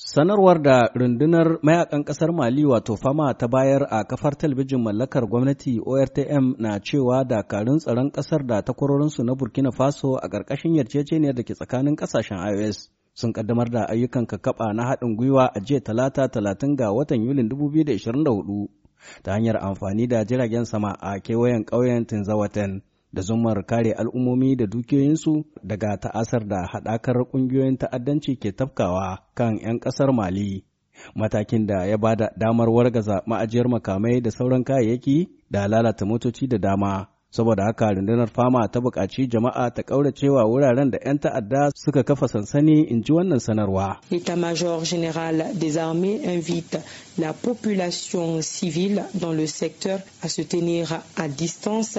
Sanarwar da rundunar mayakan ƙasar Mali wato fama ta bayar a kafar talabijin mallakar gwamnati ORTM na cewa dakarun tsaron ƙasar da takwarorinsu na Burkina Faso a ƙarƙashin yarjejeniyar da ke tsakanin ƙasashen IOS sun kaddamar da ayyukan kakaba na haɗin gwiwa a jiya talata talatin ga watan Yulin 2024 ta hanyar amfani da jiragen sama a kewayen ƙauyen Tinzawatan. da zumar kare al'ummomi da dukiyoyinsu daga ta'asar da haɗakar ƙungiyoyin ta'addanci ke tafkawa kan 'yan ƙasar Mali. Matakin da ya bada damar wargaza ma'ajiyar makamai da sauran kayayyaki da lalata motoci da dama. Saboda haka rundunar fama ta buƙaci jama'a ta ƙauracewa wuraren da 'yan ta'adda suka kafa sansani in ji wannan sanarwa. Ita major general des armées invite la population civile dans le secteur à se tenir à distance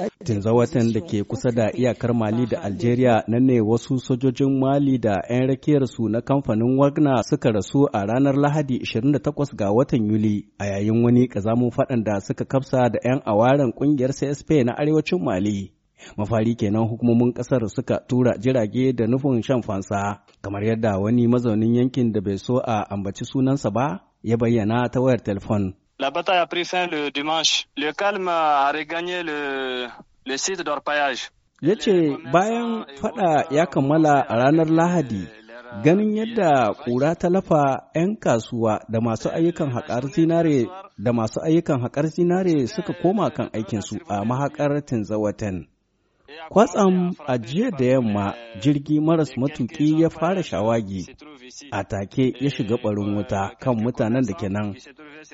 watan da ke kusa da iyakar Mali da Algeria nan ne wasu sojojin Mali da 'yan rakiyarsu na kamfanin Wagner suka rasu a ranar Lahadi 28 ga watan Yuli a yayin wani kazamun faɗan da suka kafsa da 'yan awaren ƙungiyar CSP na arewacin Mali. Mafari kenan hukumomin ƙasar suka tura jirage da nufin shan fansa, kamar yadda wani mazaunin yankin da bai so a ambaci sunansa ba ya bayyana ta wayar telefon. La bataille a pris fin le dimanche. Le calme a regagné le, Ya ce bayan fada ya kammala a ranar Lahadi ganin yadda ƙura ta lafa 'yan kasuwa da masu ayyukan haƙar zinare da masu ayyukan haƙar zinare suka koma kan aikinsu a mahaƙar Tinzawatan. Kwatsam a jiya da yamma jirgi maras matuƙi ya fara shawagi a take ya shiga ɓarin wuta kan mutanen da ke nan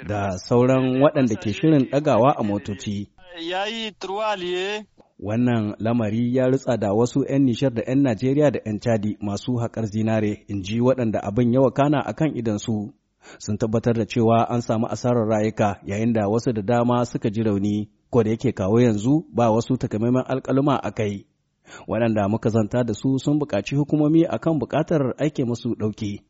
da sauran waɗanda ke shirin ɗagawa a motoci. ya e yi turwaliye. Wannan lamari ya rutsa da wasu 'yan nishar da 'yan Najeriya da 'yan Chadi masu haƙar zinare, in ji waɗanda abin ya wakana a kan idansu. Sun tabbatar da cewa an samu asarar rayuka yayin da wasu da dama suka ji rauni, ko da yake kawo yanzu ba wasu takamaiman alƙaluma a kai. Waɗanda muka zanta da su sun buƙaci hukumomi akan buƙatar aike masu ɗauki.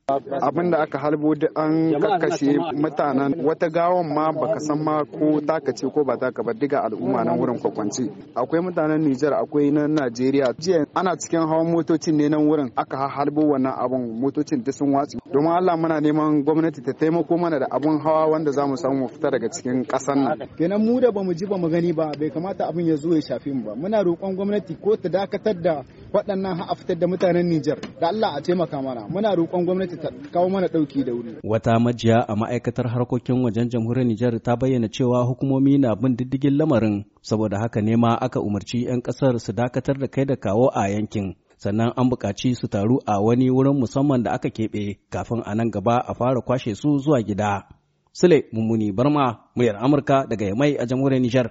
abin da aka halbo da an kakashe mutanen wata gawon ma baka san ma ko taka ce ko ba taka ba diga al'umma nan wurin kwakwanci, akwai mutanen Nijar akwai na Najeriya jiya ana cikin hawan motocin ne nan wurin aka halbo wannan abin motocin ta sun watsi domin Allah muna neman gwamnati ta taimako mana da abun hawa wanda za mu samu fita daga cikin kasan nan kenan mu da bamu ji bamu gani ba bai kamata abin ya zo ya shafi mu ba muna roƙon gwamnati ko ta dakatar da waɗannan ha fitar da mutanen Nijar da Allah a taimaka mana muna roƙon gwamnati ta kawo mana ɗauki da wuri. Wata majiya a ma'aikatar harkokin wajen jamhuriyar Nijar ta bayyana cewa hukumomi na bin diddigin lamarin saboda haka ne ma aka umarci 'yan ƙasar su dakatar da kai da kawo a yankin. Sannan an buƙaci su taru a wani wurin musamman da aka keɓe kafin a nan gaba a fara kwashe su zuwa gida. Sule Mummuni Barma, muryar Amurka daga Yamai a jamhuriyar Nijar.